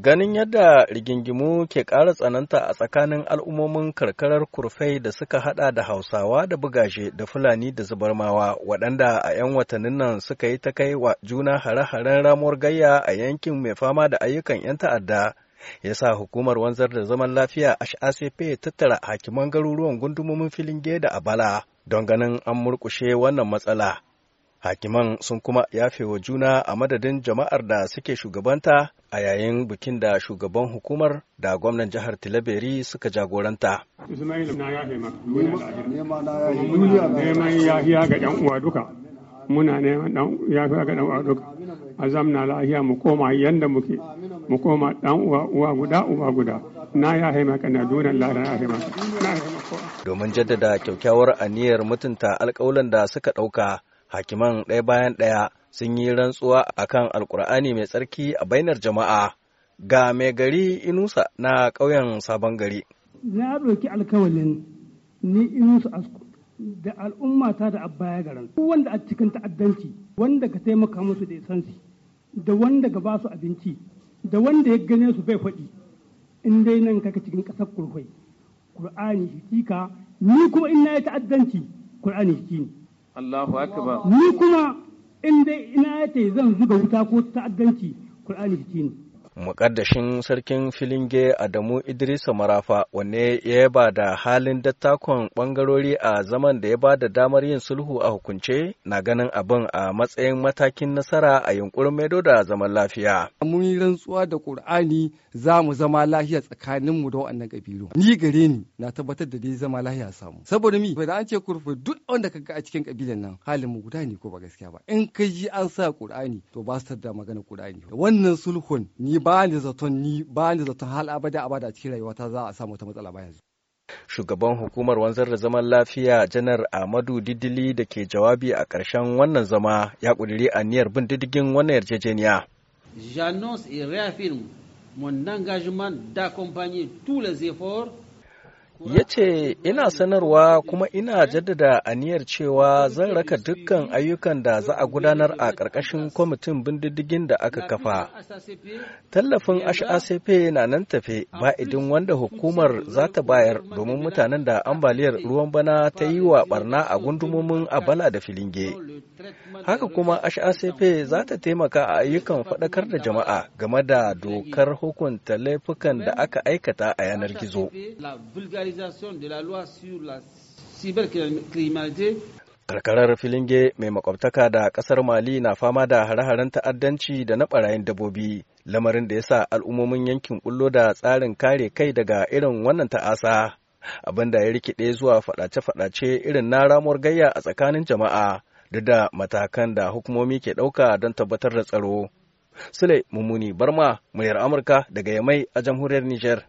Ganin yadda rigingimu ke ƙara tsananta a tsakanin al'ummomin karkarar kurfai da suka hada da Hausawa da bugashe da Fulani da zubarmawa waɗanda a 'yan watannin nan suka yi ta kai wa juna hare-haren ramuwar gayya a yankin mai fama da ayyukan 'yan ta'adda ya sa hukumar wanzar da zaman lafiya a HACP tattara hakiman garuruwan gundumomin filin geda a bala don ganin an murƙushe wannan matsala. hakiman sun kuma yafe wa juna a madadin jama'ar da suke shugabanta a yayin bikin da shugaban hukumar da gwamnan jihar tilaberi suka jagoranta neman yahiya ga yan uwa duka muna neman yahiya ga yan uwa duka a zamna lahiya mu koma yanda muke mu koma dan uwa uwa guda uwa guda na ya haimaka na dunan lara ya haimaka domin jaddada kyakkyawar aniyar mutunta alkawalan da suka dauka hakiman ɗaya bayan ɗaya sun yi rantsuwa a kan alkur'ani mai tsarki a bainar jama'a ga mai gari inusa na ƙauyen sabon gari na ɗauki alkawalin ni inusa asko da al'ummata da abbaya garin wanda a cikin ta'addanci wanda ka taimaka musu da isansi da wanda ka ba su abinci da wanda ya gane su bai faɗi in dai nan kaka cikin ƙasar kurkwai kur'ani shi ni kuma in na yi ta'addanci kur'ani shi ne Allahu akbar ni kuma in ina yace zan zuga wuta ko ta'addanci Qur'ani shi mukaddashin sarkin filinge adamu idrisa marafa wanne ya ba da halin dattakon bangarori a zaman da ya ba da damar yin sulhu a hukunce na ganin abin a matsayin matakin nasara a yunkurin maido da zaman lafiya mun yi rantsuwa da qur'ani za mu zama tsakanin mu da wannan kabilu ni gare ni na tabbatar da dai zama lafiya samu saboda mi ba da an ce kurfu duk wanda ga a cikin kabilan nan halin mu guda ne ko ba gaskiya ba in ka ji an sa qur'ani to ba su da magana qur'ani wannan sulhun ni ba zaton ni bani zaton hal abada abada a cikin rayuwata za a samu ta matsala ba yanzu shugaban hukumar wanzar da zaman lafiya janar amadu didili da ke jawabi a ƙarshen wannan zama ya ƙudiri aniyar bin diddigin wannan yarjejeniya j'annonce et réaffirme mon engagement d'accompagner tous les efforts ya ce ina sanarwa kuma ina jaddada aniyar cewa zan raka dukkan ayyukan da za a gudanar a ƙarƙashin kwamitin bindiddigin da aka kafa tallafin hacp na nan tafe ba idin wanda hukumar za ta bayar domin mutanen da ambaliyar ruwan bana ta yi wa barna a gundumomin abala da filinge haka kuma hacp za ta taimaka a ayyukan faɗakar da jama'a game da dokar hukunta laifukan da aka aikata a yanar gizo réalisation de la loi sur la cybercriminalité karkarar filinge mai makwabtaka da kasar mali na fama da hare-haren ta'addanci da na barayin dabobi lamarin da ya sa al'ummomin yankin ƙullo da tsarin kare kai daga irin wannan ta'asa abin da ya rikide zuwa faɗace-faɗace irin na ramuwar gayya a tsakanin jama'a duk da matakan da hukumomi ke ɗauka don tabbatar da tsaro. Sule Mummuni Barma, muryar Amurka daga Yamai a jamhuriyar Nijar.